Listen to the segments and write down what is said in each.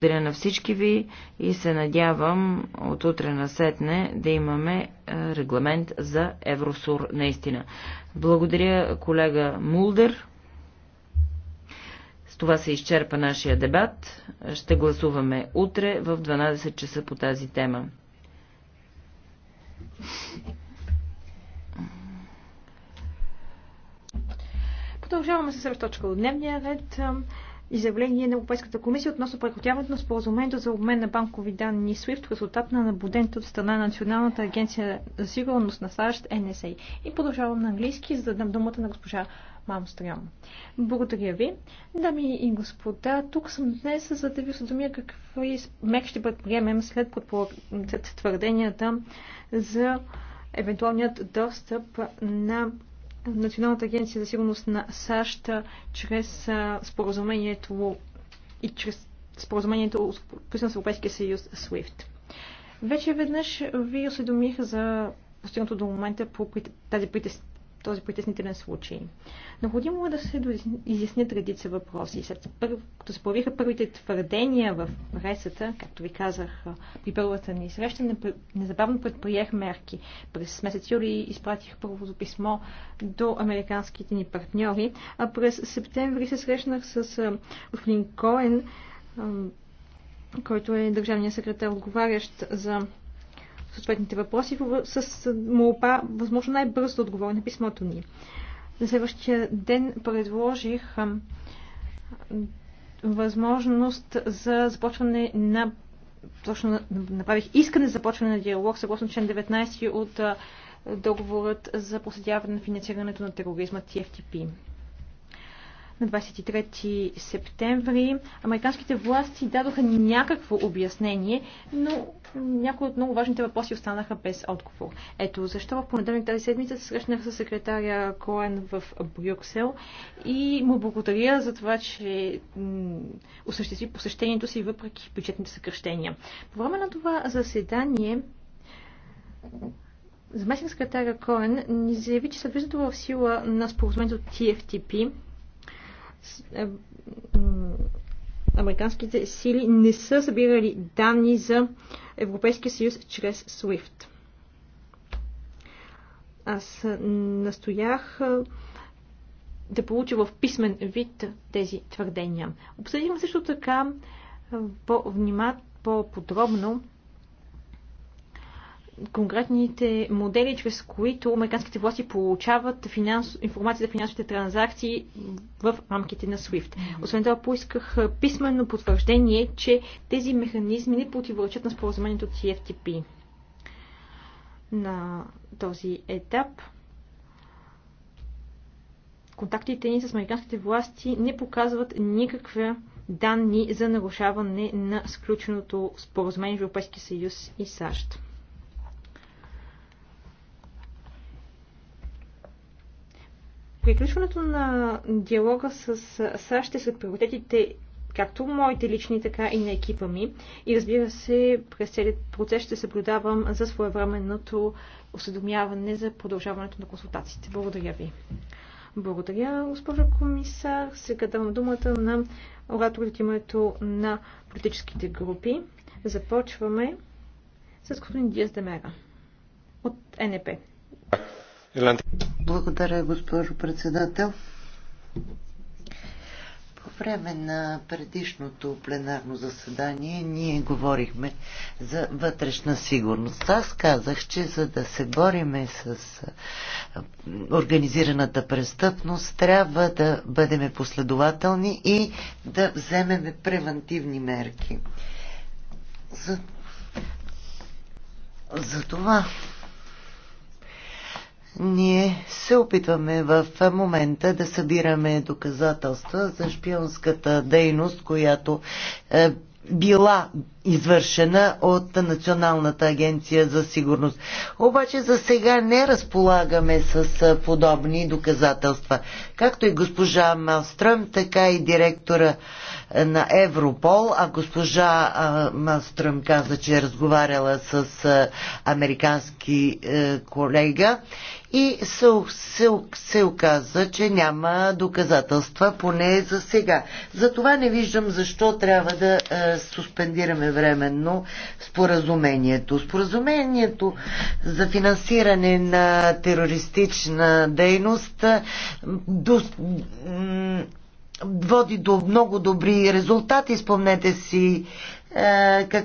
Благодаря на всички ви и се надявам от утре на сетне да имаме е, регламент за Евросур наистина. Благодаря колега Мулдер. С това се изчерпа нашия дебат. Ще гласуваме утре в 12 часа по тази тема. Продължаваме с точка от дневния ред изявление на Европейската комисия относно прекратяването на споразумението за обмен на банкови данни SWIFT в резултат на наблюдението от страна на Националната агенция за сигурност на САЩ NSA. И продължавам на английски, за да дам думата на госпожа Мамстрям. Благодаря ви. Дами и господа, тук съм днес, за да ви осведомя какви мек ще предприемем след, след твърденията за евентуалният достъп на Националната агенция за сигурност на САЩ чрез споразумението и чрез споразумението, с Европейския съюз SWIFT. Вече веднъж ви осведомих за постигнато до момента по тази притес този притеснителен случай. Необходимо е да се изяснят редица въпроси. След като се появиха първите твърдения в пресата, както ви казах при първата ни среща, незабавно предприех мерки. През месец юли изпратих първото писмо до американските ни партньори, а през септември се срещнах с господин Коен, който е държавният секретар, отговарящ за съответните въпроси с молба възможно най-бързо да отговори на писмото ни. На следващия ден предложих възможност за започване на точно направих искане за започване на диалог съгласно член 19 от договорът за проследяване на финансирането на тероризма TFTP на 23 септември. Американските власти дадоха някакво обяснение, но някои от много важните въпроси останаха без отговор. Ето защо в понеделник тази седмица се срещнах с секретаря Коен в Брюксел и му благодаря за това, че осъществи посещението си въпреки бюджетните съкръщения. По време на това заседание заместник секретаря Коен ни заяви, че след влизането в сила на споразумението TFTP е, американските сили не са събирали данни за Европейския съюз чрез SWIFT. Аз настоях да получа в писмен вид тези твърдения. Обсъдихме също така по-внимателно, по-подробно конкретните модели, чрез които американските власти получават финанс... информация за финансовите транзакции в рамките на SWIFT. Освен това поисках писменно потвърждение, че тези механизми не противоречат на споразумението от CFTP На този етап контактите ни с американските власти не показват никаква данни за нарушаване на сключеното споразумение в Европейския съюз и САЩ. Приключването на диалога с САЩ е сред приоритетите както моите лични, така и на екипа ми. И разбира се, през целият процес ще съблюдавам за своевременното осведомяване за продължаването на консултациите. Благодаря ви. Благодаря, госпожо комисар. Сега давам думата на ораторите от името на политическите групи. Започваме с господин Диас Демера от НП. Благодаря, госпожо председател. По време на предишното пленарно заседание ние говорихме за вътрешна сигурност. Аз казах, че за да се бориме с организираната престъпност, трябва да бъдем последователни и да вземем превентивни мерки. За, за това ние се опитваме в момента да събираме доказателства за шпионската дейност, която е била извършена от Националната агенция за сигурност. Обаче за сега не разполагаме с е, подобни доказателства както и госпожа Малстръм, така и директора на Европол, а госпожа Малстръм каза, че е разговаряла с американски е, колега и се, се, се оказа, че няма доказателства, поне за сега. Затова не виждам защо трябва да е, суспендираме временно споразумението. Споразумението за финансиране на терористична дейност до, води до много добри резултати. Спомнете си е, как,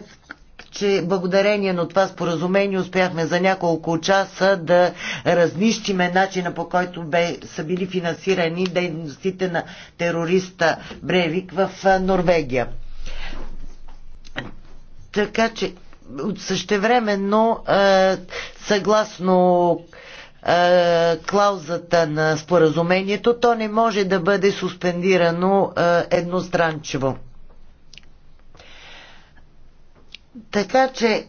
че благодарение на това споразумение успяхме за няколко часа да разнищиме начина по който бе, са били финансирани дейностите на терориста Бревик в е, Норвегия. Така че същевременно е, съгласно е, клаузата на споразумението, то не може да бъде суспендирано едностранчево. Така че,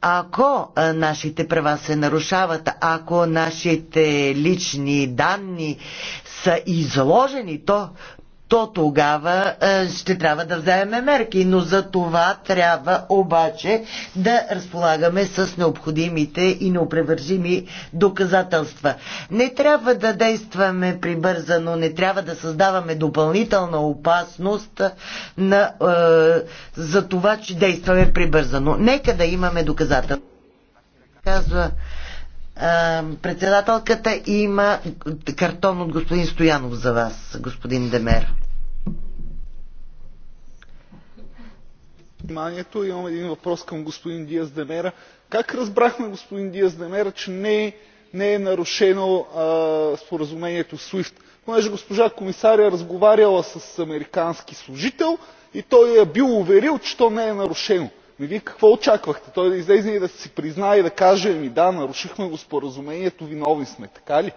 ако нашите права се нарушават, ако нашите лични данни са изложени, то то тогава е, ще трябва да вземем мерки. Но за това трябва обаче да разполагаме с необходимите и неопревържими доказателства. Не трябва да действаме прибързано, не трябва да създаваме допълнителна опасност е, на, е, за това, че действаме прибързано. Нека да имаме доказателства. Казва председателката има картон от господин Стоянов за вас, господин Демер. вниманието. Имам един въпрос към господин Диас Демера. Как разбрахме, господин Диас Демера, че не е, не е нарушено а, споразумението SWIFT? Понеже госпожа комисаря разговаряла с американски служител и той е бил уверил, че то не е нарушено. Ми вие какво очаквахте? Той да излезе и да си признае и да каже, ми да, нарушихме го споразумението, виновни сме, така ли?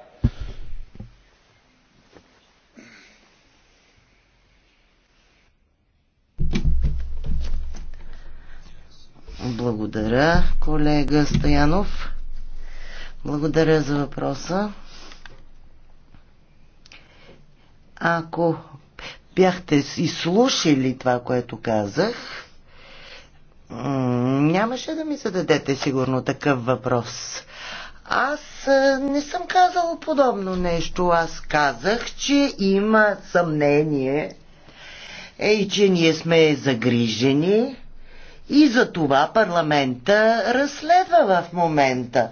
Благодаря, колега Стоянов. Благодаря за въпроса. Ако бяхте изслушали това, което казах, нямаше да ми зададете сигурно такъв въпрос. Аз е, не съм казала подобно нещо. Аз казах, че има съмнение е, и че ние сме загрижени и за това парламента разследва в момента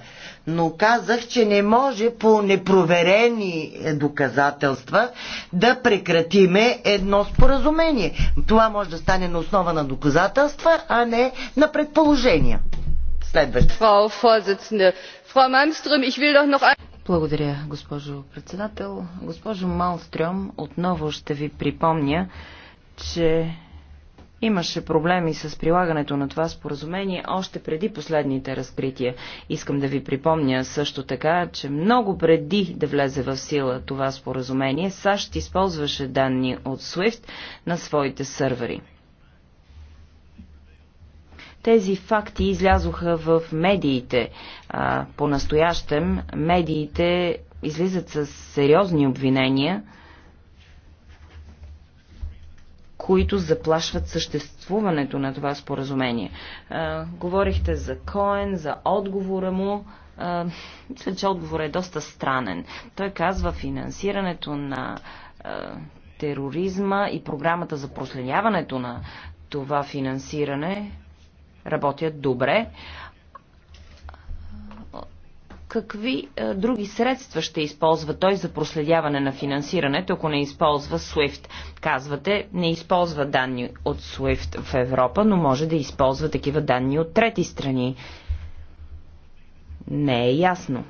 но казах, че не може по непроверени доказателства да прекратиме едно споразумение. Това може да стане на основа на доказателства, а не на предположения. Следващо. Благодаря, госпожо председател. Госпожо Малстрем, отново ще ви припомня, че Имаше проблеми с прилагането на това споразумение още преди последните разкрития. Искам да ви припомня също така, че много преди да влезе в сила това споразумение, САЩ използваше данни от SWIFT на своите сървъри. Тези факти излязоха в медиите. По-настоящем медиите излизат с сериозни обвинения – които заплашват съществуването на това споразумение. А, говорихте за Коен, за отговора му. А, мисля, че отговорът е доста странен. Той казва финансирането на а, тероризма и програмата за проследяването на това финансиране работят добре, какви а, е, други средства ще използва той за проследяване на финансирането, ако не използва SWIFT? Казвате, не използва данни от SWIFT в Европа, но може да използва такива данни от трети страни. Не е ясно.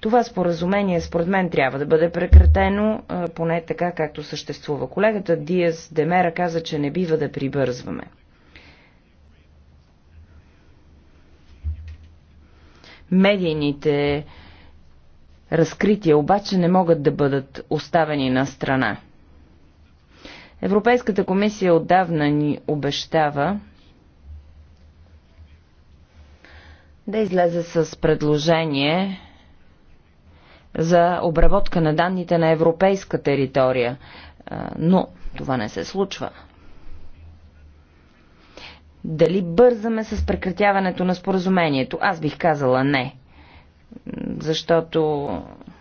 Това споразумение, според мен, трябва да бъде прекратено, е, поне така както съществува. Колегата Диас Демера каза, че не бива да прибързваме. Медийните разкрития обаче не могат да бъдат оставени на страна. Европейската комисия отдавна ни обещава да излезе с предложение за обработка на данните на европейска територия, но това не се случва. Дали бързаме с прекратяването на споразумението? Аз бих казала не. Защото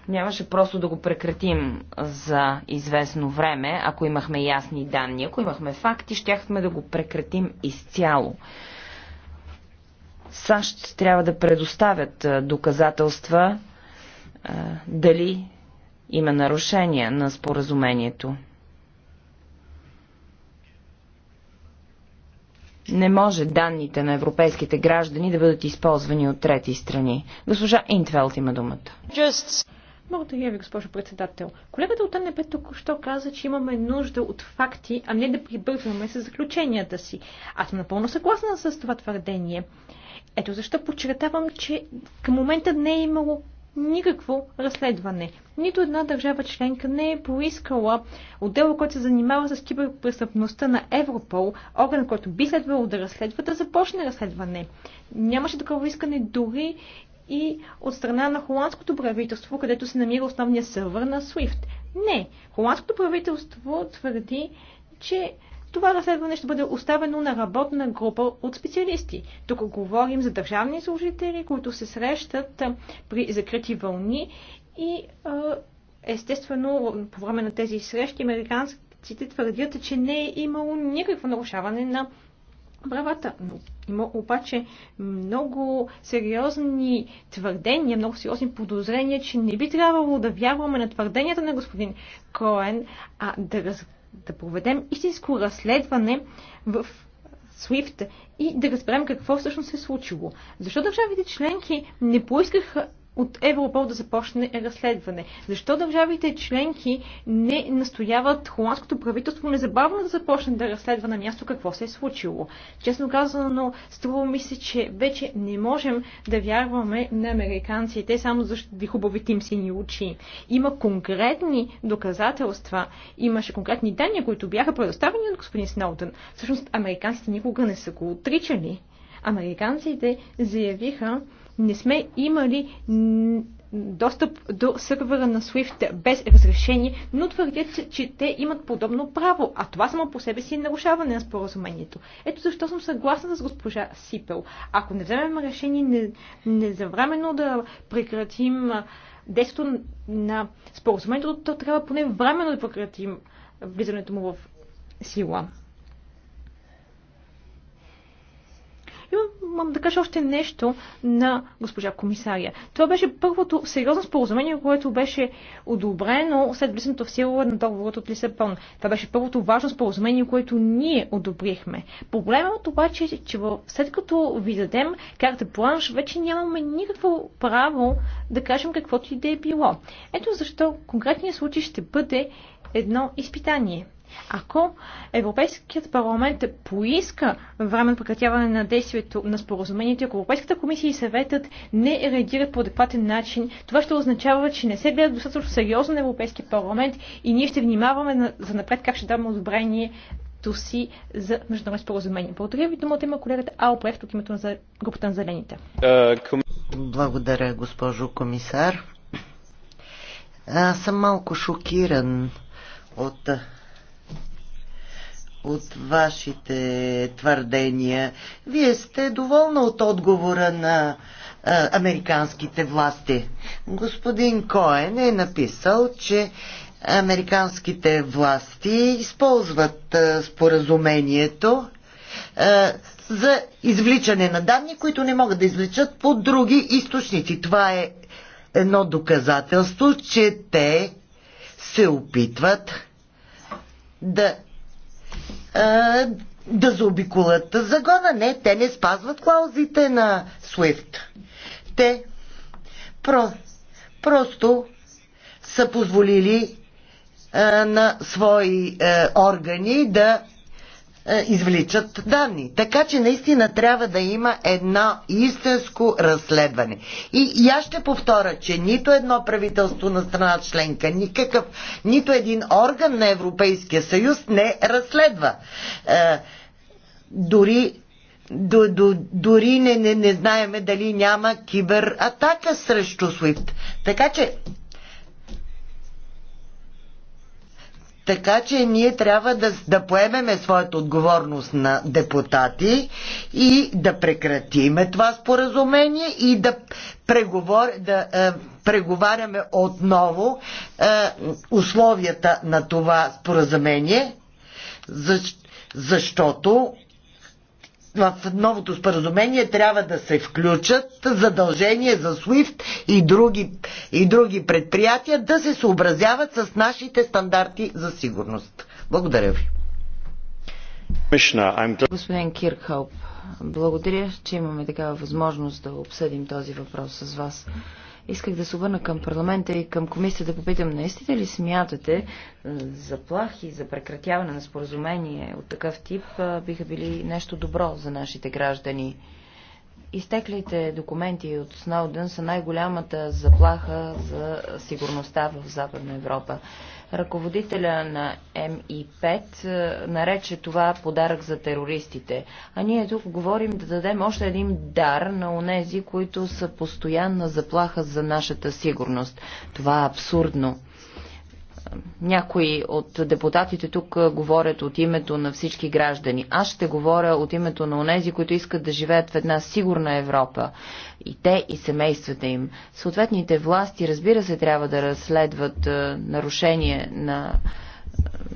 нямаше просто да го прекратим за известно време, ако имахме ясни данни. Ако имахме факти, щяхме да го прекратим изцяло. САЩ трябва да предоставят доказателства дали има нарушения на споразумението. Не може данните на европейските граждани да бъдат използвани от трети страни. Госпожа Интвелт има думата. Just... Благодаря ви, госпожо председател. Колегата от НП току-що каза, че имаме нужда от факти, а не да прибързваме с заключенията си. Аз съм напълно съгласна с това твърдение. Ето защо подчертавам, че към момента не е имало никакво разследване. Нито една държава членка не е поискала отдела, който се занимава с киберпрестъпността на Европол, орган, който би следвало да разследва, да започне разследване. Нямаше такова искане дори и от страна на холандското правителство, където се намира основния сървър на SWIFT. Не, холандското правителство твърди, че това разследване ще бъде оставено на работна група от специалисти. Тук говорим за държавни служители, които се срещат при закрити вълни и естествено по време на тези срещи американците твърдят, че не е имало никакво нарушаване на правата. Но има обаче много сериозни твърдения, много сериозни подозрения, че не би трябвало да вярваме на твърденията на господин Коен, а да разглеждаме да проведем истинско разследване в SWIFT и да разберем какво всъщност се е случило. Защо държавите членки не поискаха от Европол да започне разследване. Защо държавите членки не настояват холандското правителство незабавно да започне да разследва на място какво се е случило? Честно казано, струва ми се, че вече не можем да вярваме на американците само заради хубавите им сини очи. Има конкретни доказателства, имаше конкретни данни, които бяха предоставени от господин Сноутън. Всъщност, американците никога не са го отричали. Американците заявиха, не сме имали достъп до сървъра на Swift без разрешение, но твърдят, че те имат подобно право, а това само по себе си е нарушаване на споразумението. Ето защо съм съгласна с госпожа Сипел. Ако не вземем решение незавременно не да прекратим действието на споразумението, то трябва поне временно да прекратим влизането му в сила. Имам да кажа още нещо на госпожа комисария. Това беше първото сериозно споразумение, което беше одобрено след влизането в сила на договорът от Лисабон. Това беше първото важно споразумение, което ние одобрихме. Проблемът обаче е, че след като ви дадем карта планш, вече нямаме никакво право да кажем каквото и да е било. Ето защо конкретният случай ще бъде едно изпитание. Ако Европейският парламент поиска временно прекратяване на действието на споразумението, ако Европейската комисия и съветът не реагират по адекватен начин, това ще означава, че не се гледа достатъчно сериозно на Европейския парламент и ние ще внимаваме за напред как ще даваме одобрение си за международно споразумение. Благодаря ви. Думата има колегата Алпрефт от името на групата на зелените. Благодаря, госпожо комисар. Аз съм малко шокиран от от вашите твърдения. Вие сте доволна от отговора на а, американските власти. Господин Коен е написал, че американските власти използват а, споразумението а, за извличане на данни, които не могат да извличат по други източници. Това е едно доказателство, че те се опитват да а, да заобиколят загона. Не, те не спазват клаузите на SWIFT. Те про, просто са позволили а, на свои а, органи да е, извличат данни. Така че наистина трябва да има едно истинско разследване. И, и аз ще повторя, че нито едно правителство на страна членка, никакъв, нито един орган на Европейския съюз не разследва. Е, дори до, до, дори не, не, не знаеме дали няма кибератака срещу SWIFT. Така че Така че ние трябва да, да поемеме своята отговорност на депутати и да прекратиме това споразумение и да, преговор, да е, преговаряме отново е, условията на това споразумение, защ, защото в новото споразумение трябва да се включат задължения за SWIFT и други, и други предприятия да се съобразяват с нашите стандарти за сигурност. Благодаря ви. Господин Киркхалп, благодаря, че имаме такава възможност да обсъдим този въпрос с вас. Исках да се обърна към парламента и към комисията да попитам, наистина ли смятате е, заплахи за прекратяване на споразумение от такъв тип е, биха били нещо добро за нашите граждани? Изтеклите документи от Сноуден са най-голямата заплаха за сигурността в Западна Европа. Ръководителя на МИ-5 е, нарече това подарък за терористите. А ние тук говорим да дадем още един дар на онези, които са постоянна заплаха за нашата сигурност. Това е абсурдно. Някои от депутатите тук говорят от името на всички граждани. Аз ще говоря от името на онези, които искат да живеят в една сигурна Европа. И те, и семействата им. Съответните власти, разбира се, трябва да разследват нарушение на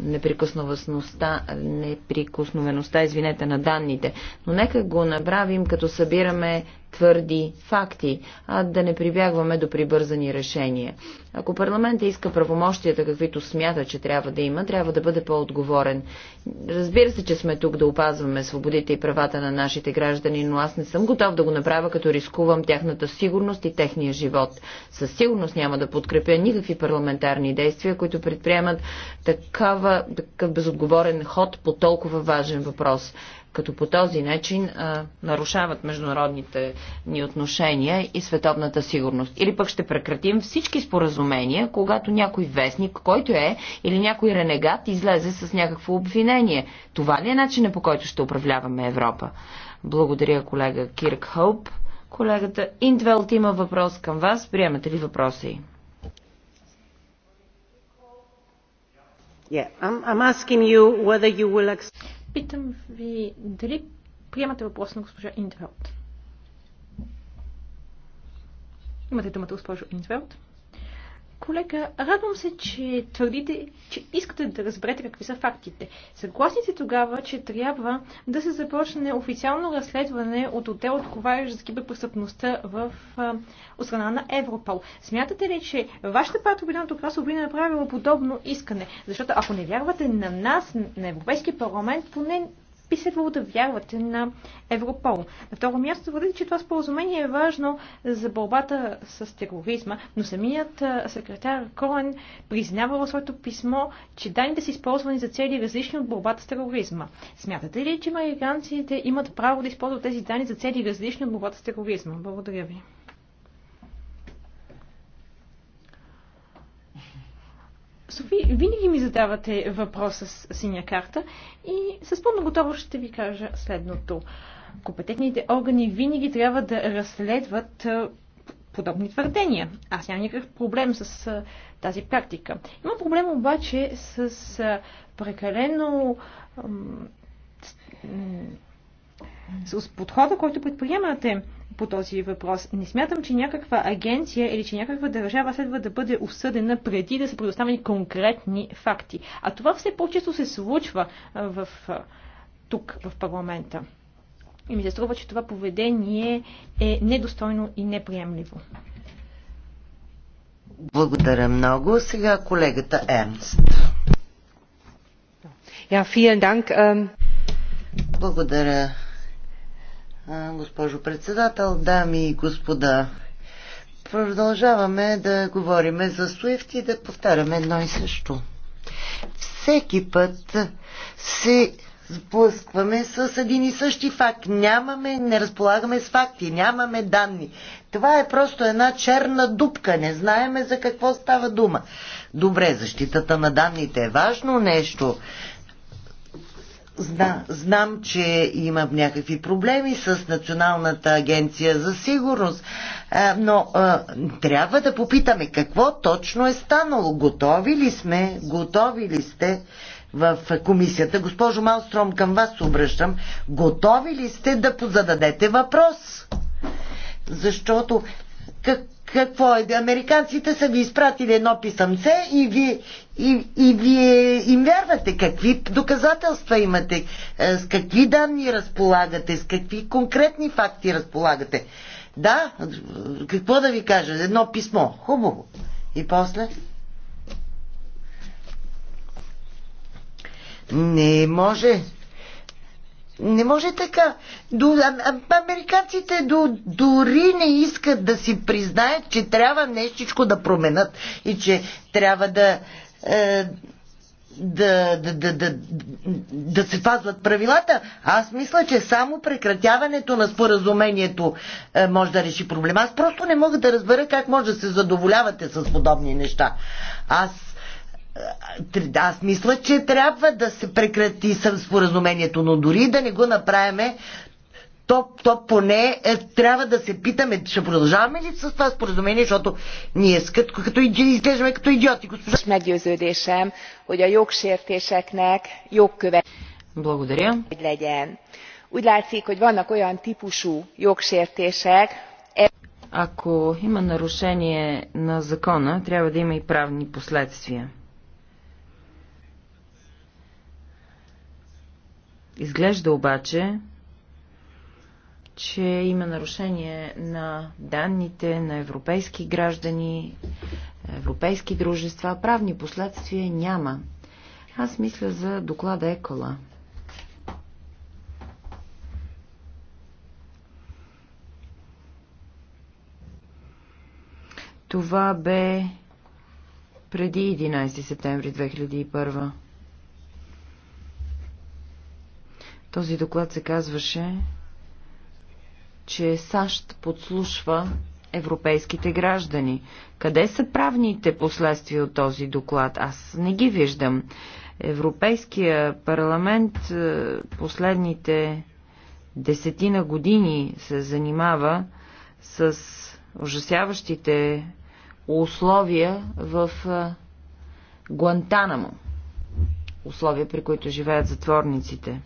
неприкосновеността, неприкосновеността извинете, на данните. Но нека го направим, като събираме твърди факти, а да не прибягваме до прибързани решения. Ако парламента иска правомощията, каквито смята, че трябва да има, трябва да бъде по-отговорен. Разбира се, че сме тук да опазваме свободите и правата на нашите граждани, но аз не съм готов да го направя, като рискувам тяхната сигурност и техния живот. Със сигурност няма да подкрепя никакви парламентарни действия, които предприемат такава, такъв безотговорен ход по толкова важен въпрос като по този начин а, нарушават международните ни отношения и световната сигурност. Или пък ще прекратим всички споразумения, когато някой вестник, който е, или някой ренегат излезе с някакво обвинение. Това ли е начинът по който ще управляваме Европа? Благодаря, колега Кирк Хоуп. Колегата Индвелт има въпрос към вас. Приемате ли въпроса Yeah, I'm, I'm asking you whether you will accept... Питам ви дали приемате въпрос на госпожа Индвелт. Имате думата, госпожо Индвелт. Колега, радвам се, че твърдите, че искате да разберете какви са фактите. Съгласни се тогава, че трябва да се започне официално разследване от отдел отговарящ за киберпрестъпността в а, страна на Европол. Смятате ли, че вашата партия Обединеното кралство би направила подобно искане? Защото ако не вярвате на нас, на Европейския парламент, поне би следвало да вярвате на Европол. На второ място твърдите, че това споразумение е важно за борбата с тероризма, но самият секретар Коен признава в своето писмо, че данните са използвани за цели различни от борбата с тероризма. Смятате ли, че американците имат право да използват тези данни за цели различни от борбата с тероризма? Благодаря ви. Софи, винаги ми задавате въпроса с синя карта и с пълно готово ще ви кажа следното. Компетентните органи винаги трябва да разследват подобни твърдения. Аз нямам никакъв проблем с тази практика. Има проблем обаче с прекалено с подхода, който предприемате по този въпрос. Не смятам, че някаква агенция или че някаква държава следва да бъде осъдена преди да са предоставени конкретни факти. А това все по-често се случва в, тук, в парламента. И ми се струва, че това поведение е недостойно и неприемливо. Благодаря много. Сега колегата Ернст. Ja, ähm, Благодаря, госпожо председател, дами и господа. Продължаваме да говориме за Суифт и да повтаряме едно и също. Всеки път се сблъскваме с един и същи факт. Нямаме, не разполагаме с факти, нямаме данни. Това е просто една черна дупка. Не знаеме за какво става дума. Добре, защитата на данните е важно нещо, Зна, знам, че има някакви проблеми с Националната агенция за сигурност, но а, трябва да попитаме какво точно е станало. Готови ли сме? Готови ли сте? в комисията. Госпожо Малстром, към вас се обръщам. Готови ли сте да зададете въпрос? Защото как, какво е? Американците са ви изпратили едно писъмце и вие, и, и вие им вярвате. Какви доказателства имате? Е, с какви данни разполагате? С какви конкретни факти разполагате? Да, какво да ви кажа? Едно писмо. Хубаво. И после? Не може не може така. До, а, а, американците до, дори не искат да си признаят, че трябва нещичко да променят и че трябва да. Е, да, да, да, да, да се пазват правилата. Аз мисля, че само прекратяването на споразумението е, може да реши проблема. Аз просто не мога да разбера как може да се задоволявате с подобни неща. Аз да, е, аз мисля, че трябва да се прекрати съм споразумението, но дори да не го направиме, то, то поне е, трябва да се питаме, ще продължаваме ли с това споразумение, защото ние като, като изглеждаме като идиоти. Госпожа... Благодаря. E- ако има нарушение на закона, трябва да има и правни последствия. Изглежда обаче, че има нарушение на данните на европейски граждани, европейски дружества. Правни последствия няма. Аз мисля за доклада Екола. Това бе преди 11 септември 2001. този доклад се казваше, че САЩ подслушва европейските граждани. Къде са правните последствия от този доклад? Аз не ги виждам. Европейския парламент е, последните десетина години се занимава с ужасяващите условия в е, Гуантанамо. Условия, при които живеят затворниците.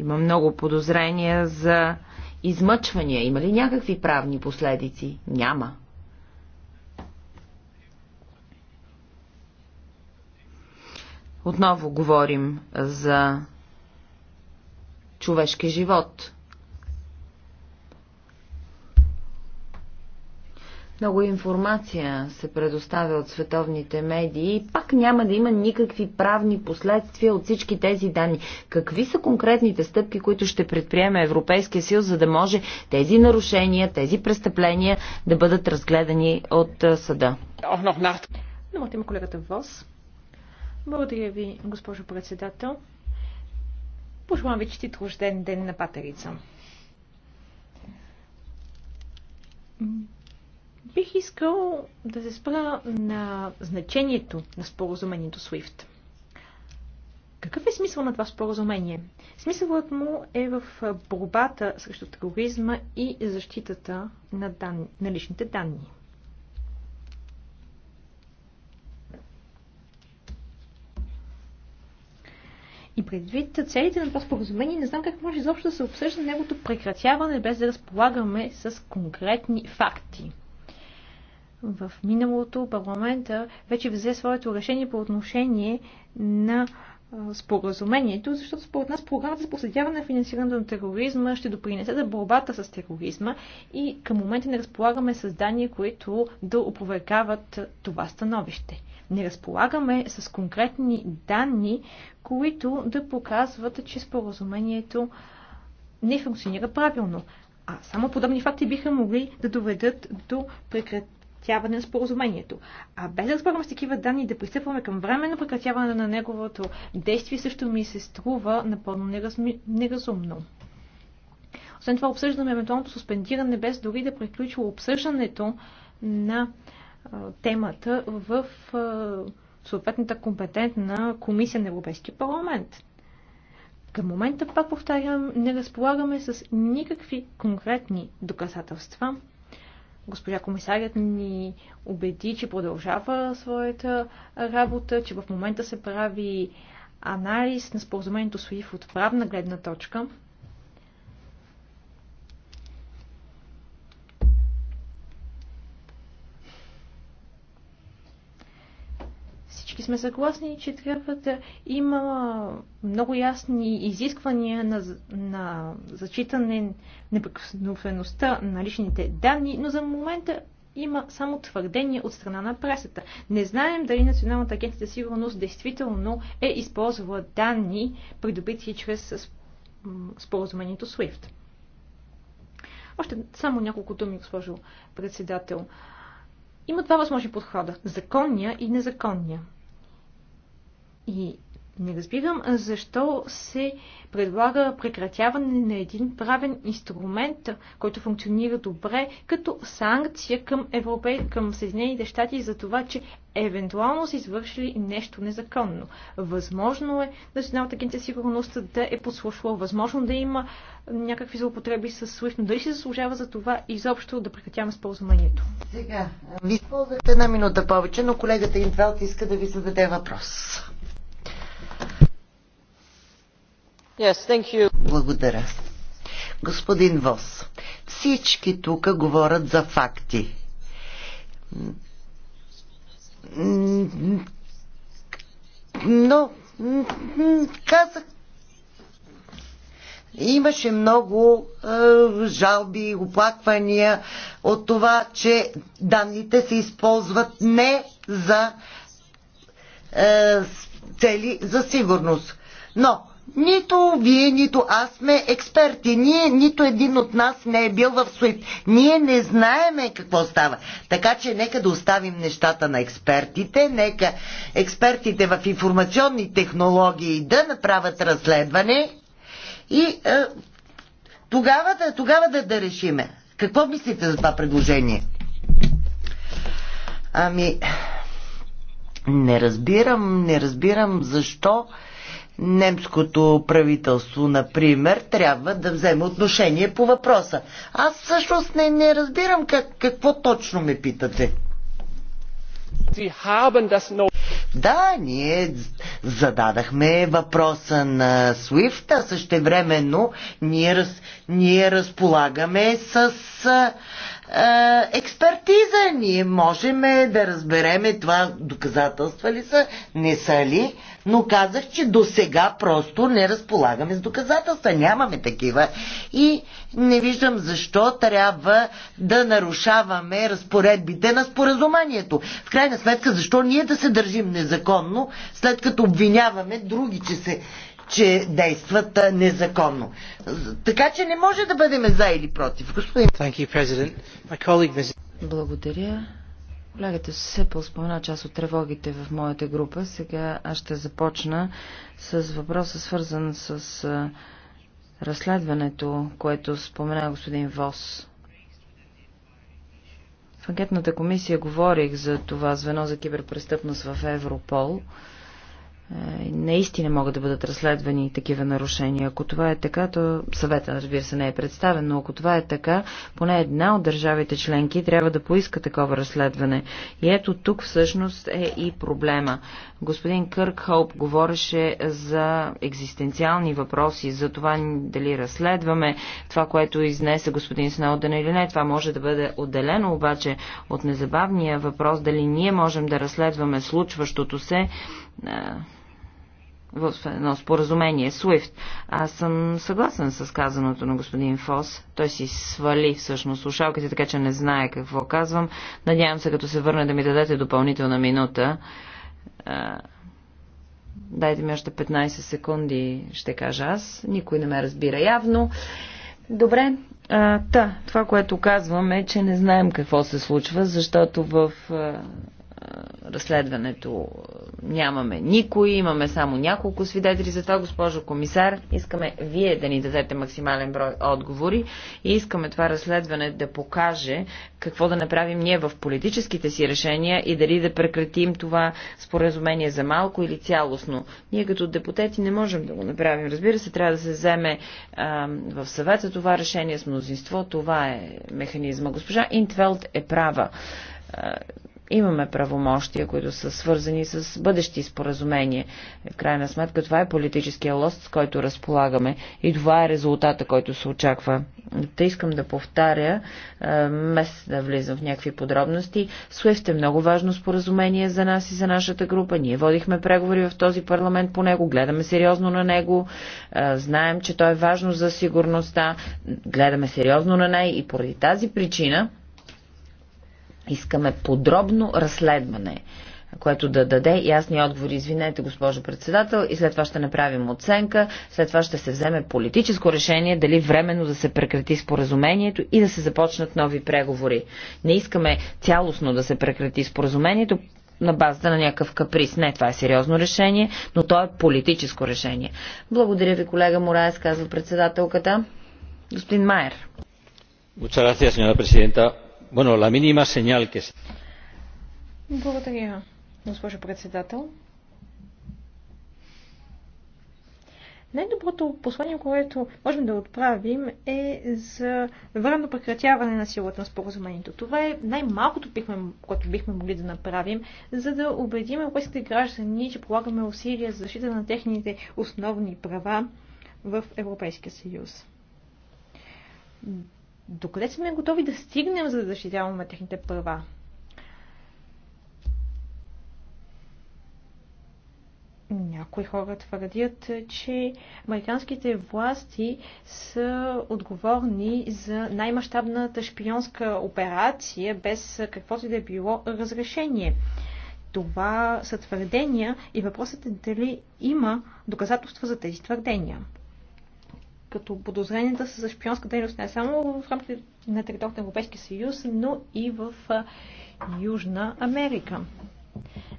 Има много подозрения за измъчвания. Има ли някакви правни последици? Няма. Отново говорим за човешки живот. Много информация се предоставя от световните медии и пак няма да има никакви правни последствия от всички тези данни. Какви са конкретните стъпки, които ще предприеме Европейския съюз, за да може тези нарушения, тези престъпления да бъдат разгледани от съда? Думата има колегата Вос. Благодаря ви, госпожо председател. Пожелавам ви честит рожден ден на патерица. Бих искал да се спра на значението на споразумението SWIFT. Какъв е смисъл на това споразумение? Смисълът му е в борбата срещу тероризма и защитата на, дан... на личните данни. И предвид целите на това споразумение, не знам как може изобщо да се обсъжда неговото прекратяване, без да разполагаме с конкретни факти. В миналото парламента вече взе своето решение по отношение на споразумението, защото според нас програмата за проследяване на финансирането на тероризма ще допринесе за борбата с тероризма и към момента не разполагаме с данни, които да опровергават това становище. Не разполагаме с конкретни данни, които да показват, че споразумението не функционира правилно. А само подобни факти биха могли да доведат до прекратяване прекратяване на споразумението. А без да разполагаме с такива данни да пристъпваме към временно прекратяване на неговото действие също ми се струва напълно неразумно. Освен това обсъждаме евентуалното суспендиране без дори да приключва обсъждането на а, темата в а, съответната компетентна комисия на Европейския парламент. Към момента, пак повтарям, не разполагаме с никакви конкретни доказателства Госпожа комисарят ни убеди, че продължава своята работа, че в момента се прави анализ на споразумението СУИФ от правна гледна точка. всички сме съгласни, че трябва да има много ясни изисквания на, на зачитане неприкосновеността на личните данни, но за момента има само твърдение от страна на пресата. Не знаем дали Националната агенция за сигурност действително е използвала данни, придобити чрез споразумението SWIFT. Още само няколко думи, госпожо председател. Има два възможни подхода. Законния и незаконния. И не разбирам защо се предлага прекратяване на един правен инструмент, който функционира добре, като санкция към, Европей, към Съединените щати за това, че евентуално са извършили нещо незаконно. Възможно е Националната агенция сигурност да е послушала, възможно да има някакви злоупотреби с SWIFT, но дали се заслужава за това изобщо да прекратяваме споразумението? Сега, ви използвахте една минута повече, но колегата Интвелт иска да ви зададе въпрос. Благодаря. Господин Вос, всички тук говорят за факти. Но, казах, имаше много е, жалби, оплаквания от това, че данните се използват не за е, цели за сигурност. Но нито вие, нито аз сме експерти. Ние, нито един от нас не е бил в СУИП. Ние не знаеме какво става. Така че нека да оставим нещата на експертите, нека експертите в информационни технологии да направят разследване и е, тогава, да, тогава да, да решиме. Какво мислите за това предложение? Ами, не разбирам, не разбирам защо немското правителство, например, трябва да вземе отношение по въпроса. Аз всъщност не, не разбирам как, какво точно ме питате. Да, ние зададахме въпроса на Swift, а същевременно ние, раз, ние разполагаме с а, а, експертиза. Ние можем да разбереме това доказателства ли са, не са ли но казах, че до сега просто не разполагаме с доказателства, нямаме такива и не виждам защо трябва да нарушаваме разпоредбите на споразуманието. В крайна сметка, защо ние да се държим незаконно, след като обвиняваме други, че се че действат незаконно. Така че не може да бъдем за или против. Господин... Благодаря. Колегата Сепъл спомена част от тревогите в моята група. Сега аз ще започна с въпроса, свързан с разследването, което спомена господин Вос. В анкетната комисия говорих за това звено за киберпрестъпност в Европол – е, наистина могат да бъдат разследвани такива нарушения. Ако това е така, то съвета, разбира се, не е представен, но ако това е така, поне една от държавите членки трябва да поиска такова разследване. И ето тук всъщност е и проблема. Господин Кърк Хоуп говореше за екзистенциални въпроси, за това дали разследваме това, което изнесе господин Сноуден или не. Това може да бъде отделено обаче от незабавния въпрос дали ние можем да разследваме случващото се в едно споразумение SWIFT. Аз съм съгласен с казаното на господин Фос. Той си свали всъщност слушалките, така че не знае какво казвам. Надявам се, като се върне да ми дадете допълнителна минута. Дайте ми още 15 секунди, ще кажа аз. Никой не ме разбира явно. Добре, а, та, това, което казвам е, че не знаем какво се случва, защото в разследването нямаме никой, имаме само няколко свидетели. Затова, госпожо комисар, искаме вие да ни дадете максимален брой отговори и искаме това разследване да покаже какво да направим ние в политическите си решения и дали да прекратим това споразумение за малко или цялостно. Ние като депутати не можем да го направим. Разбира се, трябва да се вземе а, в съвета това решение с мнозинство. Това е механизма. Госпожа Интвелд е права имаме правомощия, които са свързани с бъдещи споразумения. В крайна сметка това е политическия лост, с който разполагаме и това е резултата, който се очаква. Те искам да повтаря, мес да влизам в някакви подробности. Суефт е много важно споразумение за нас и за нашата група. Ние водихме преговори в този парламент по него, гледаме сериозно на него, е, знаем, че то е важно за сигурността, гледаме сериозно на нея и поради тази причина Искаме подробно разследване, което да даде ясни отговори. Извинете, госпожо председател, и след това ще направим оценка, след това ще се вземе политическо решение дали временно да се прекрати споразумението и да се започнат нови преговори. Не искаме цялостно да се прекрати споразумението, на базата на някакъв каприз. Не, това е сериозно решение, но то е политическо решение. Благодаря ви, колега Мораес, казва председателката. Господин Майер. Muchas gracias, señora presidenta. Благодаря, госпожо председател. Най-доброто послание, което можем да отправим е за върно прекратяване на силата на споразумението. Това е най-малкото, което бихме могли да направим, за да убедим европейските граждани, че полагаме усилия за защита на техните основни права в Европейския съюз докъде сме готови да стигнем, за да защитяваме техните права. Някои хора твърдят, че американските власти са отговорни за най-мащабната шпионска операция без каквото и да е било разрешение. Това са твърдения и въпросът е дали има доказателства за тези твърдения като подозренията са за шпионска дейност не само в рамките на територията на Европейския съюз, но и в Южна Америка.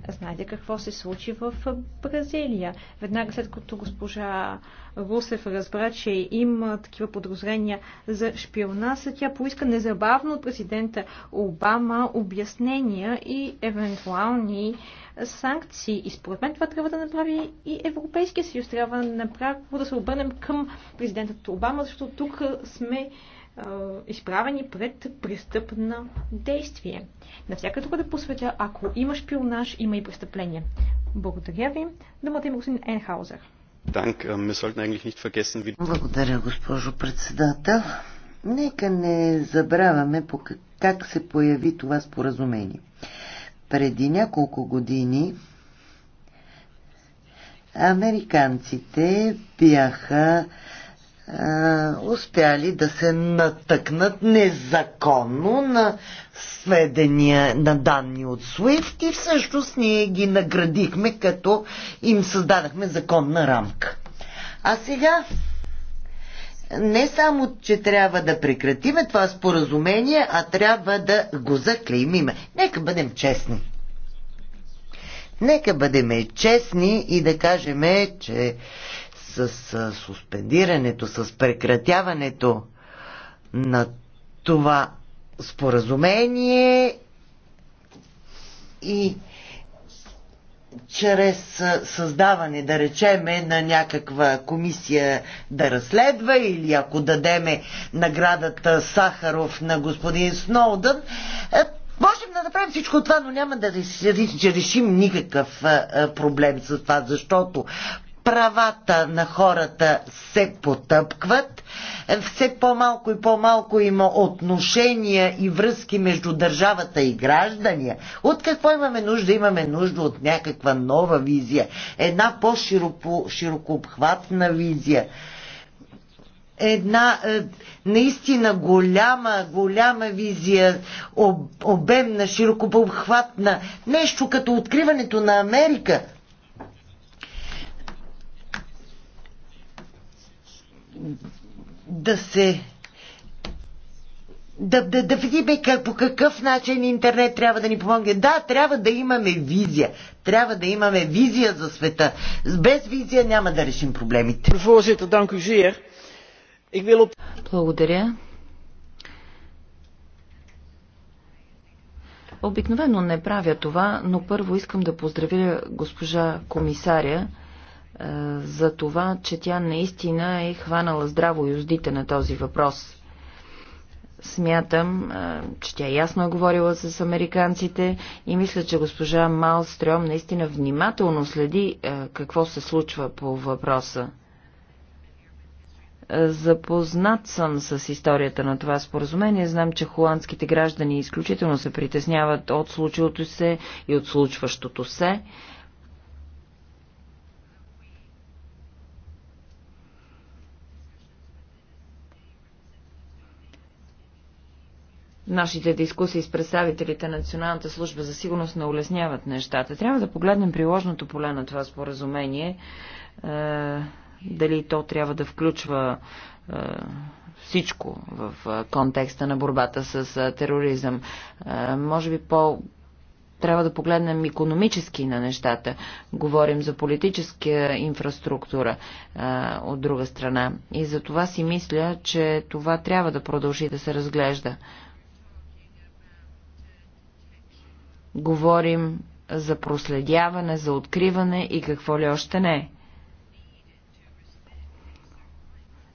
Знаете какво се случи в Бразилия. Веднага след като госпожа Русев разбра, че има такива подозрения за шпионаж, тя поиска незабавно от президента Обама обяснения и евентуални санкции. И според мен това трябва да направи и Европейския съюз. Трябва направо да се обърнем към президента Обама, защото тук сме изправени пред престъпна действие. Навсякъде другаде по света, ако има шпионаж, има и престъпление. Благодаря ви. Думата има господин Енхаузер. Благодаря, госпожо председател. Нека не забравяме по как се появи това споразумение. Преди няколко години американците бяха е, успяли да се натъкнат незаконно на сведения на данни от SWIFT и всъщност ние ги наградихме, като им създадахме законна рамка. А сега не само, че трябва да прекратиме това споразумение, а трябва да го заклеймиме. Нека бъдем честни. Нека бъдем честни и да кажем, че с, с суспендирането, с прекратяването на това споразумение и чрез създаване, да речеме, на някаква комисия да разследва или ако дадеме наградата Сахаров на господин Сноудън, е, можем да направим всичко това, но няма да решим никакъв проблем с това, защото правата на хората се потъпкват, все по-малко и по-малко има отношения и връзки между държавата и граждания. От какво имаме нужда? Имаме нужда от някаква нова визия, една по-широкообхватна визия една е, наистина голяма, голяма визия, об, обемна, широкопобхватна, нещо като откриването на Америка. да се да, да, да видим как, по какъв начин интернет трябва да ни помогне. Да, трябва да имаме визия. Трябва да имаме визия за света. Без визия няма да решим проблемите. Благодаря. Обикновено не правя това, но първо искам да поздравя госпожа комисаря е, за това, че тя наистина е хванала здраво юздите на този въпрос. Смятам, е, че тя ясно е говорила с американците и мисля, че госпожа Малстрем наистина внимателно следи е, какво се случва по въпроса. Запознат съм с историята на това споразумение. Знам, че холандските граждани изключително се притесняват от случилото се и от случващото се. Нашите дискусии с представителите на Националната служба за сигурност не улесняват нещата. Трябва да погледнем приложното поле на това споразумение. Е, дали то трябва да включва е, всичко в е, контекста на борбата с е, тероризъм. Е, може би по трябва да погледнем економически на нещата. Говорим за политическа инфраструктура а, е, от друга страна. И за това си мисля, че това трябва да продължи да се разглежда. Говорим за проследяване, за откриване и какво ли още не.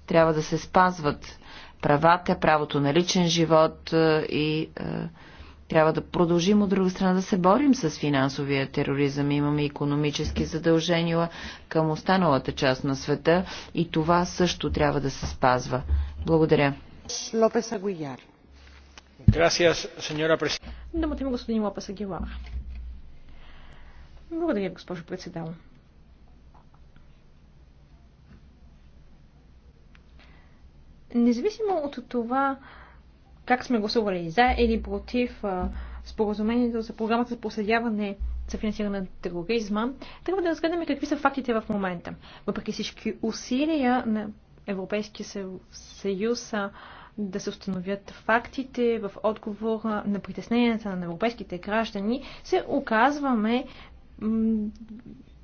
Трябва да се спазват правата, правото на личен живот е, и е, трябва да продължим от друга страна да се борим с финансовия тероризъм. Имаме економически задължения към останалата част на света и това също трябва да се спазва. Благодаря. Лопес Агуяр. Думата има господин Благодаря, госпожо председател. Независимо от това, как сме гласували за или против споразумението за програмата за проследяване за финансиране на тероризма, трябва да разгледаме какви са фактите в момента. Въпреки всички усилия на Европейския съюз да се установят фактите в отговор на притесненията на европейските граждани, се оказваме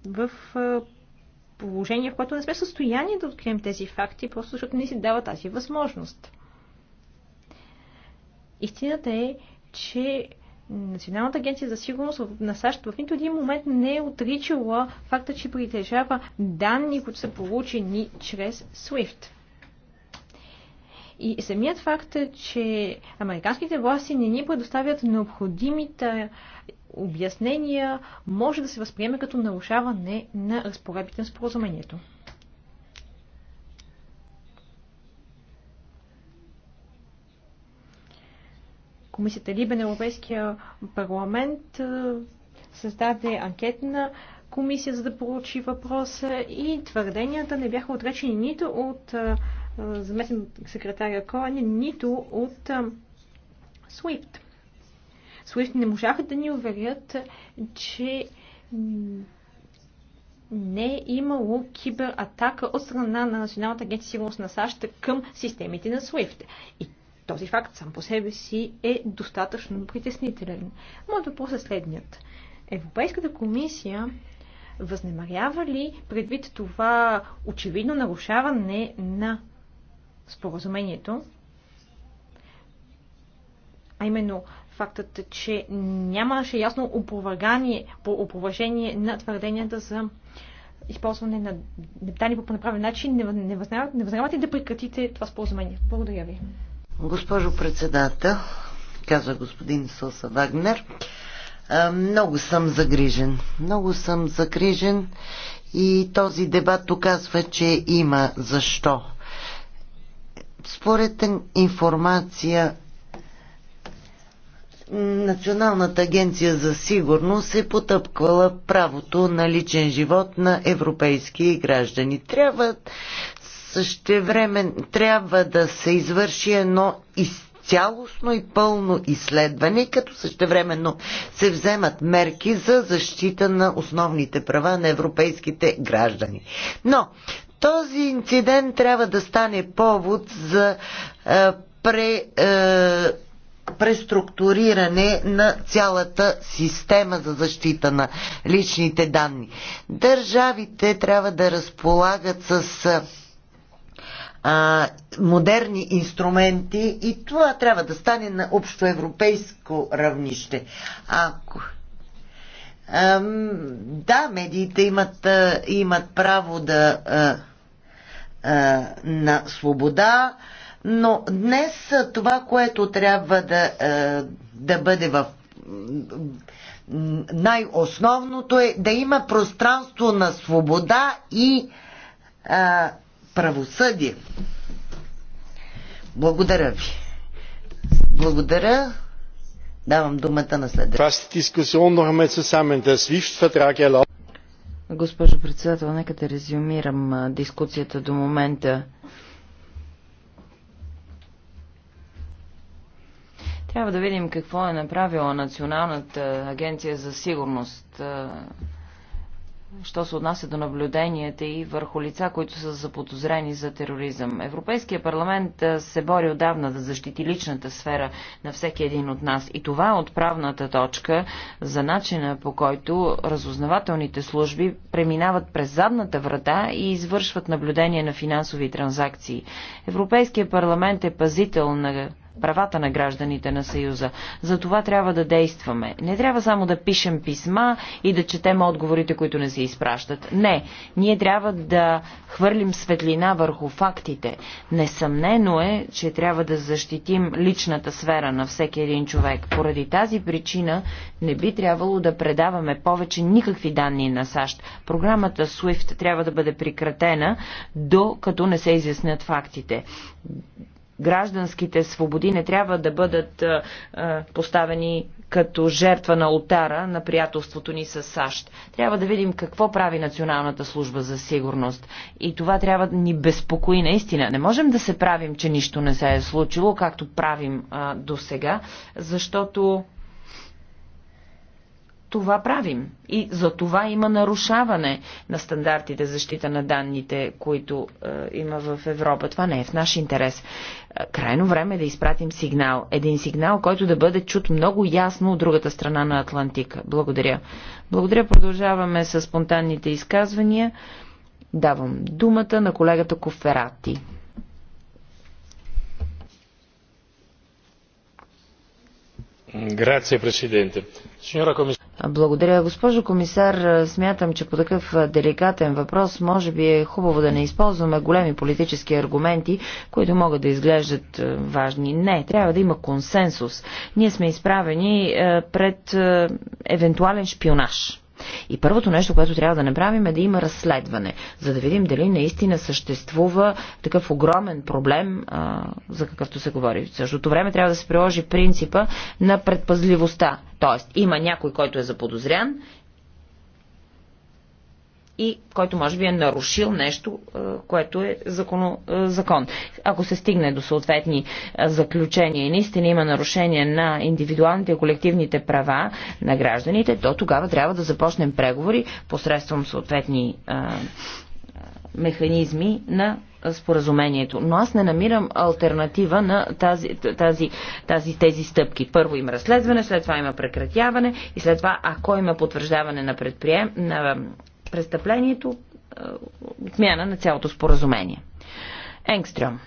в положение, в което не сме в състояние да открием тези факти, просто защото не си дава тази възможност. Истината е, че Националната агенция за сигурност на САЩ в нито един момент не е отричала факта, че притежава данни, които са получени чрез SWIFT. И самият факт е, че американските власти не ни предоставят необходимите обяснения, може да се възприеме като нарушаване на разпоредбите на споразумението. Комисията Либен Европейския парламент създаде анкетна комисия, за да проучи въпроса и твърденията не бяха отречени нито от заместен секретаря Корани, нито от SWIFT. SWIFT не можаха да ни уверят, че не е имало кибератака от страна на Националната агенция сигурност на САЩ към системите на SWIFT. И този факт сам по себе си е достатъчно притеснителен. Моят въпрос е следният. Европейската комисия възнемарява ли предвид това очевидно нарушаване на споразумението, а именно фактът, че нямаше ясно опровергание по опровержение на твърденията за използване на дептани по направен начин, не, възнамерявате да прекратите това споразумение. Благодаря ви. Госпожо председател, каза господин Соса Вагнер, много съм загрижен. Много съм загрижен и този дебат доказва, че има защо според информация Националната агенция за сигурност е потъпквала правото на личен живот на европейски граждани. Трябва време трябва да се извърши едно цялостно и пълно изследване, като същевременно се вземат мерки за защита на основните права на европейските граждани. Но този инцидент трябва да стане повод за а, е, пре, а, е, преструктуриране на цялата система за защита на личните данни. Държавите трябва да разполагат с е, а, модерни инструменти и това трябва да стане на общоевропейско равнище. Ако да, медиите имат, имат право да е, на свобода, но днес това, което трябва да, е, да бъде в най-основното е да има пространство на свобода и а, е, правосъдие. Благодаря ви. Благодаря. Давам думата на следващия. Госпожо председател, нека да резюмирам дискусията до момента. Трябва да видим какво е направила Националната агенция за сигурност що се отнася до наблюденията и върху лица, които са заподозрени за тероризъм. Европейския парламент се бори отдавна да защити личната сфера на всеки един от нас. И това е отправната точка за начина по който разузнавателните служби преминават през задната врата и извършват наблюдение на финансови транзакции. Европейския парламент е пазител на правата на гражданите на Съюза. За това трябва да действаме. Не трябва само да пишем писма и да четем отговорите, които не се изпращат. Не, ние трябва да хвърлим светлина върху фактите. Несъмнено е, че трябва да защитим личната сфера на всеки един човек. Поради тази причина не би трябвало да предаваме повече никакви данни на САЩ. Програмата SWIFT трябва да бъде прекратена, докато не се изяснят фактите гражданските свободи не трябва да бъдат поставени като жертва на ултара на приятелството ни с САЩ. Трябва да видим какво прави Националната служба за сигурност. И това трябва да ни безпокои наистина. Не можем да се правим, че нищо не се е случило, както правим а, до сега, защото това правим. И за това има нарушаване на стандартите защита на данните, които е, има в Европа. Това не е в наш интерес. Е, крайно време е да изпратим сигнал. Един сигнал, който да бъде чут много ясно от другата страна на Атлантика. Благодаря. Благодаря. Продължаваме с спонтанните изказвания. Давам думата на колегата Коферати. Благодаря, госпожо комисар. Смятам, че по такъв деликатен въпрос може би е хубаво да не използваме големи политически аргументи, които могат да изглеждат важни. Не, трябва да има консенсус. Ние сме изправени пред евентуален шпионаж. И първото нещо, което трябва да направим е да има разследване, за да видим дали наистина съществува такъв огромен проблем, а, за какъвто се говори. В същото време трябва да се приложи принципа на предпазливостта. Тоест, има някой, който е заподозрян и който може би е нарушил нещо, е, което е закон, е, закон. Ако се стигне до съответни е, заключения и наистина има нарушение на индивидуалните и колективните права на гражданите, то тогава трябва да започнем преговори посредством съответни механизми на споразумението. Но аз не намирам альтернатива на тази, тази, тази, тези стъпки. Първо има разследване, след това има прекратяване и след това, ако има потвърждаване на, предприем, на престъплението, е, отмяна на цялото споразумение. Енгстрюм.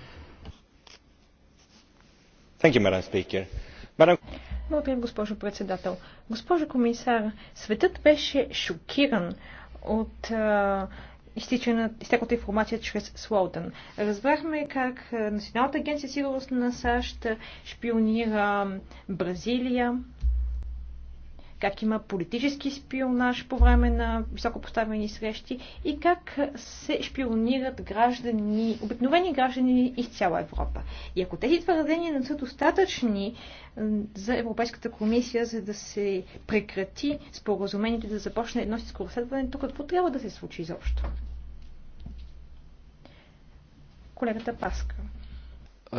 Благодаря, госпожо председател. Госпожо комисар, светът беше шокиран от е, изтеклата информация чрез Слоутън. Разбрахме как е, Националната агенция сигурност на САЩ шпионира Бразилия, как има политически шпионаж по време на високопоставени срещи и как се шпионират граждани, обикновени граждани из цяла Европа. И ако тези твърдения не са достатъчни за Европейската комисия, за да се прекрати споразумението да започне едно истинско разследване, то какво трябва да се случи изобщо? Колегата Паска.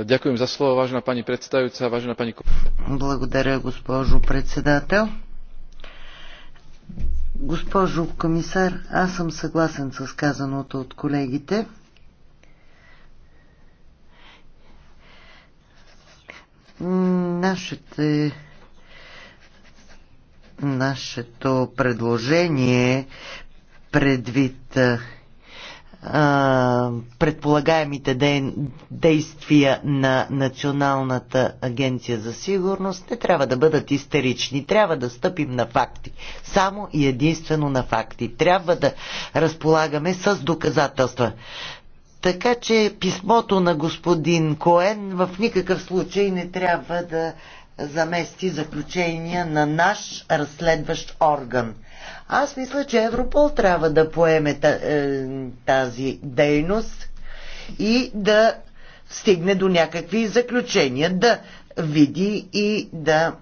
Дякуем за слово, важна пани представица, важна пани... Благодаря, госпожо председател. Госпожо комисар, аз съм съгласен с казаното от колегите. Нашите нашето предложение предвид предполагаемите действия на Националната агенция за сигурност не трябва да бъдат истерични. Трябва да стъпим на факти. Само и единствено на факти. Трябва да разполагаме с доказателства. Така че писмото на господин Коен в никакъв случай не трябва да замести заключения на наш разследващ орган. Аз мисля, че Европол трябва да поеме е, тази дейност и да стигне до някакви заключения, да види и да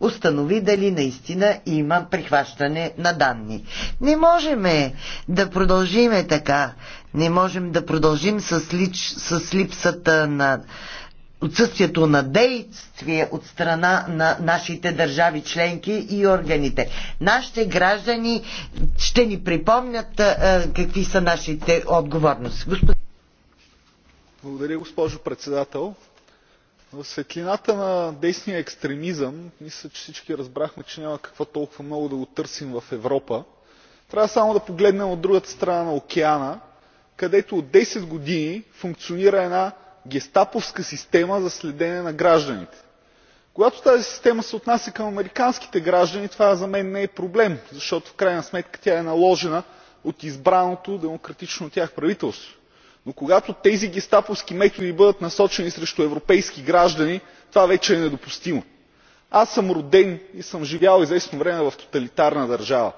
установи дали наистина има прихващане на данни. Не можем да продължиме така. Не можем да продължим с, лич, с липсата на отсъствието на действие от страна на нашите държави членки и органите. Нашите граждани ще ни припомнят а, какви са нашите отговорности. Господ... Благодаря, госпожо председател. В светлината на десния екстремизъм, мисля, че всички разбрахме, че няма какво толкова много да го търсим в Европа. Трябва само да погледнем от другата страна на океана, където от 10 години функционира една гестаповска система за следене на гражданите. Когато тази система се отнася към американските граждани, това за мен не е проблем, защото в крайна сметка тя е наложена от избраното демократично от тях правителство. Но когато тези гестаповски методи бъдат насочени срещу европейски граждани, това вече е недопустимо. Аз съм роден и съм живял известно време в тоталитарна държава.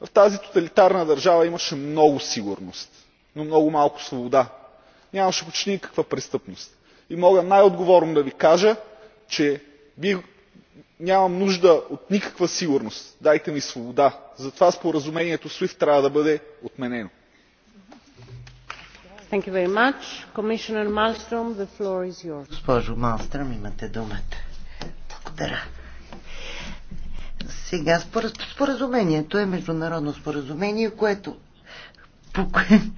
В тази тоталитарна държава имаше много сигурност, но много малко свобода нямаше почти никаква престъпност. И мога най отговорно да ви кажа, че нямам нужда от никаква сигурност. Дайте ми свобода. Затова споразумението SWIFT трябва да бъде отменено. Госпожо Малстрам, имате думата. Благодаря. Сега споразумението е международно споразумение, което по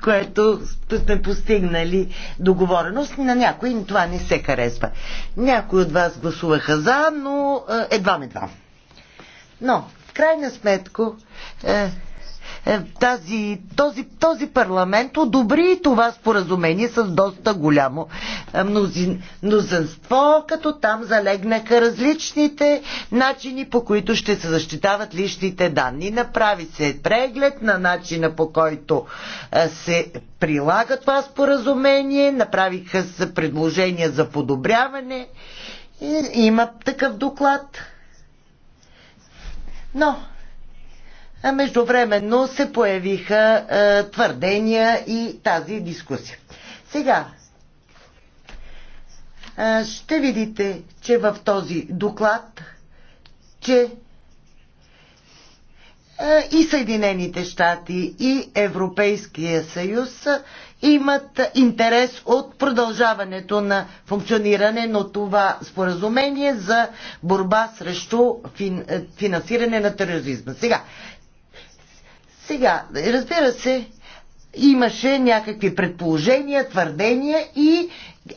което сме постигнали договореност. На някои това не се харесва. Някои от вас гласуваха за, но едва-медва. Но, в крайна сметка, е, е, тази, този, този парламент одобри това споразумение с доста голямо е, мнозинство, като там залегнаха различните начини, по които ще се защитават личните данни. Направи се преглед на начина по който е, се прилага това споразумение, направиха се предложения за подобряване. И, има такъв доклад. Но Междувременно се появиха а, е, твърдения и тази дискусия. Сега, а, е, ще видите, че в този доклад, че е, и Съединените щати, и Европейския съюз имат интерес от продължаването на функциониране на това споразумение за борба срещу фин, финансиране на тероризма. Сега, сега, разбира се, имаше някакви предположения, твърдения и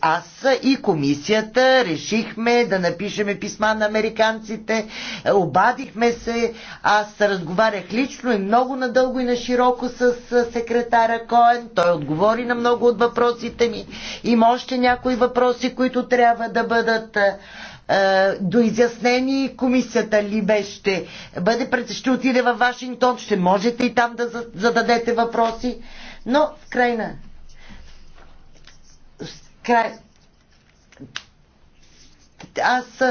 аз и комисията решихме да напишеме писма на американците, обадихме се, аз разговарях лично и много надълго и на широко с секретара Коен, той отговори на много от въпросите ми. Има още някои въпроси, които трябва да бъдат е, до изяснение, Комисията ли ще, бъде, ще отиде във Вашингтон, ще можете и там да зададете въпроси. Но в крайна... В край... Аз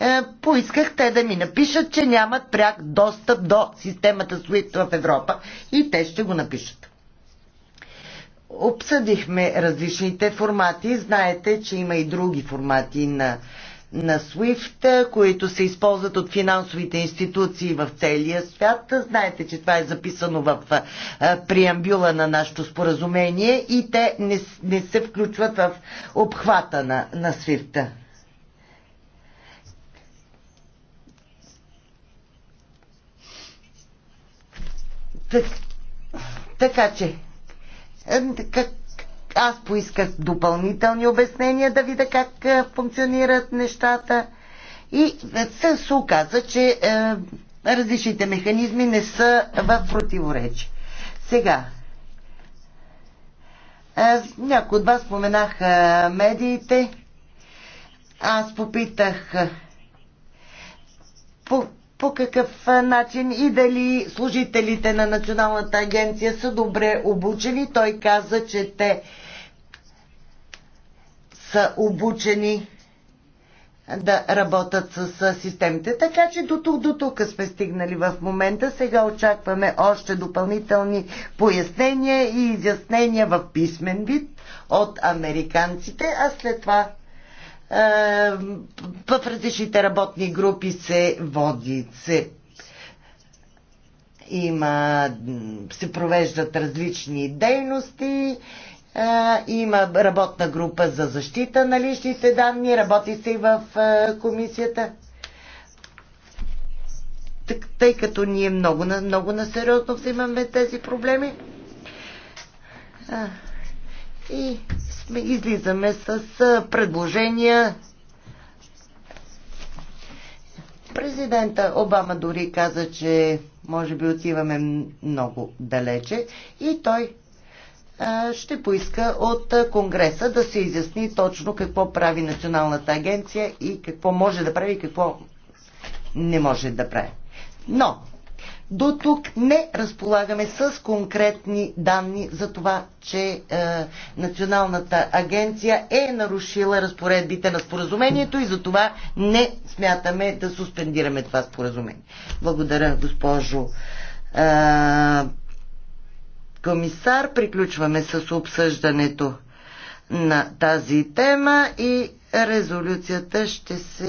е, поисках те да ми напишат, че нямат пряк достъп до системата SWIFT в Европа и те ще го напишат. Обсъдихме различните формати. Знаете, че има и други формати на на SWIFT, които се използват от финансовите институции в целия свят. Знаете, че това е записано в преамбюла на нашето споразумение и те не, не се включват в обхвата на, на SWIFT. Так, така че, как, аз поисках допълнителни обяснения да видя как е, функционират нещата и е, се оказа, че е, различните механизми не са в противоречие. Сега, е, някои от вас споменаха медиите. Аз попитах е, по, по какъв начин и дали служителите на Националната агенция са добре обучени. Той каза, че те са обучени да работят с системите. Така че до тук, до тук сме стигнали в момента. Сега очакваме още допълнителни пояснения и изяснения в писмен вид от американците, а след това е, в различните работни групи се води, се има, се провеждат различни дейности има работна група за защита на личните данни, работи се и в комисията. Тъй като ние много, много насериозно взимаме тези проблеми. И сме, излизаме с предложения. Президента Обама дори каза, че може би отиваме много далече и той ще поиска от Конгреса да се изясни точно какво прави Националната агенция и какво може да прави и какво не може да прави. Но до тук не разполагаме с конкретни данни за това, че е, Националната агенция е нарушила разпоредбите на споразумението и за това не смятаме да суспендираме това споразумение. Благодаря, госпожо. Е, комисар. Приключваме с обсъждането на тази тема и резолюцията ще се